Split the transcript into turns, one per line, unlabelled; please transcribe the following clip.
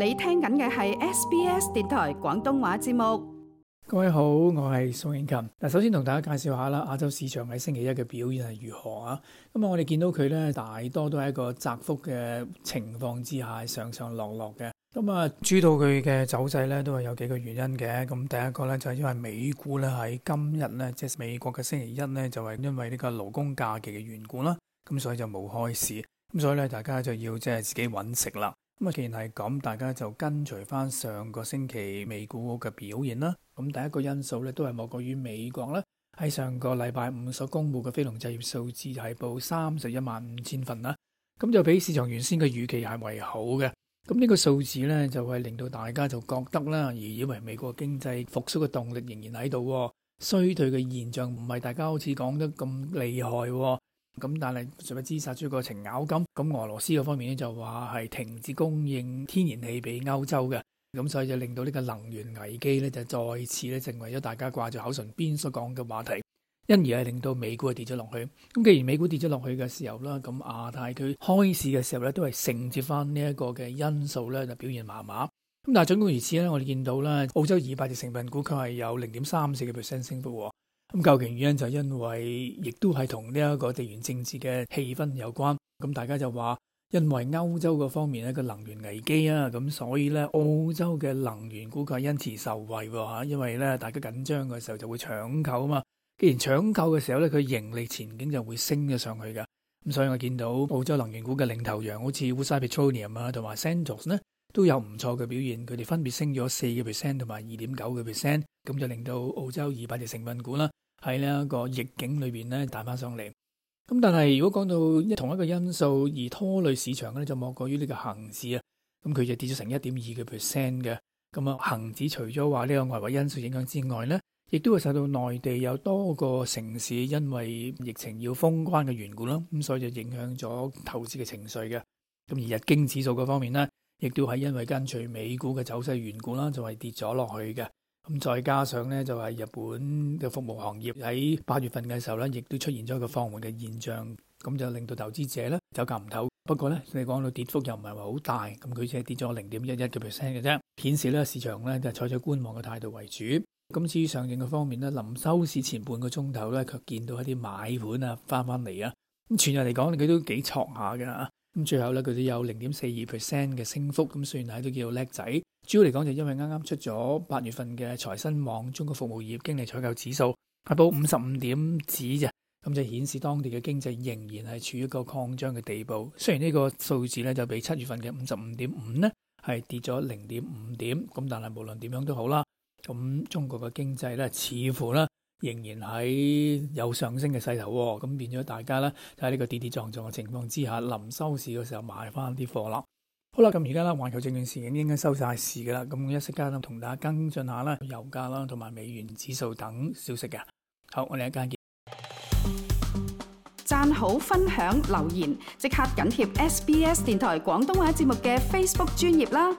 你聽緊嘅係 SBS 電台廣東話節目。各位好，我係宋慶勤。嗱，首先同大家介紹下啦，亞洲市場喺星期一嘅表現係如何啊？咁、嗯、啊，我哋見到佢咧，大多都係一個窄幅嘅情況之下上上落落嘅。咁、嗯、啊，主導佢嘅走勢咧，都係有幾個原因嘅。咁、嗯、第一個咧，就係、是、因為美股咧喺今日咧，即係美國嘅星期一咧，就係、是、因為呢個勞工假期嘅緣故啦。咁、嗯、所以就冇開市，咁、嗯、所以咧，大家就要即係自己搵食啦。咁啊，既然係咁，大家就跟隨翻上個星期美股嘅表現啦。咁第一個因素咧，都係莫過於美國啦。喺上個禮拜五所公布嘅非農就業數字是報，就係報三十一萬五千份啦。咁就比市場原先嘅預期係為好嘅。咁呢個數字咧，就係、是、令到大家就覺得啦，而以為美國的經濟復甦嘅動力仍然喺度、啊，衰退嘅現象唔係大家好似講得咁厲害、啊。咁但係除非殺出呢個程咬金，咁俄羅斯嗰方面咧就話係停止供應天然氣俾歐洲嘅，咁所以就令到呢個能源危機咧就再次咧成為咗大家掛住口唇邊所講嘅話題，因而係令到美股啊跌咗落去。咁既然美股跌咗落去嘅時候啦，咁亞太區佢開市嘅時候咧都係承接翻呢一個嘅因素咧就表現麻麻。咁但係盡管如此咧，我哋見到咧澳洲二百隻成分股佢係有零點三四嘅 percent 升幅。咁究竟原因就係因為，亦都係同呢一個地緣政治嘅氣氛有關。咁大家就話，因為歐洲個方面咧個能源危機啊，咁所以咧澳洲嘅能源股價因此受惠喎、啊、因為咧大家緊張嘅時候就會搶購啊嘛。既然搶購嘅時候咧佢盈利前景就會升咗上去噶。咁所以我見到澳洲能源股嘅領頭羊，好似 Woodside Petroleum 啊同埋 Santos 咧都有唔錯嘅表現。佢哋分別升咗四個 percent 同埋二點九個 percent。咁就令到澳洲二百隻成分股啦，喺呢一個逆境裏邊咧，彈翻上嚟。咁但係如果講到同一個因素而拖累市場咧，就莫過於呢個恒指啊。咁佢就跌咗成一點二嘅 percent 嘅。咁啊，恒指除咗話呢個外圍因素影響之外咧，亦都會受到內地有多個城市因為疫情要封關嘅緣故啦，咁所以就影響咗投資嘅情緒嘅。咁而日經指數嗰方面咧，亦都係因為跟隨美股嘅走勢緣故啦，就係、是、跌咗落去嘅。咁再加上咧，就係、是、日本嘅服務行業喺八月份嘅時候咧，亦都出現咗一個放緩嘅現象，咁就令到投資者咧走夾唔唞。不過咧，你講到跌幅又唔係話好大，咁佢只係跌咗零點一一嘅 percent 嘅啫，顯示咧市場咧就採取觀望嘅態度為主。咁至於上證嘅方面咧，臨收市前半個鐘頭咧，卻見到一啲買盤啊翻翻嚟啊，咁、啊、全日嚟講佢都幾挫下㗎。咁最後咧，佢都有零點四二 percent 嘅升幅，咁算係都叫叻仔。主要嚟講就因為啱啱出咗八月份嘅財新網中國服務業經理採購指數，係報五十五點指啫，咁就顯示當地嘅經濟仍然係處於一個擴張嘅地步。雖然呢個數字咧就比七月份嘅五十五點五咧係跌咗零點五點，咁但係無論點樣都好啦，咁中國嘅經濟咧似乎啦仍然喺有上升嘅勢頭喎、哦，咁變咗大家咧就喺呢個跌跌撞撞嘅情況之下，臨收市嘅時候買翻啲貨啦。好啦，咁而家啦，環球證券時間應該收晒市噶啦，咁一息間同大家跟進下啦，油價啦，同埋美元指數等消息嘅。好，我哋一間見，贊好、分享、留言，即刻緊貼 SBS 電台廣東話節目嘅 Facebook 專頁啦。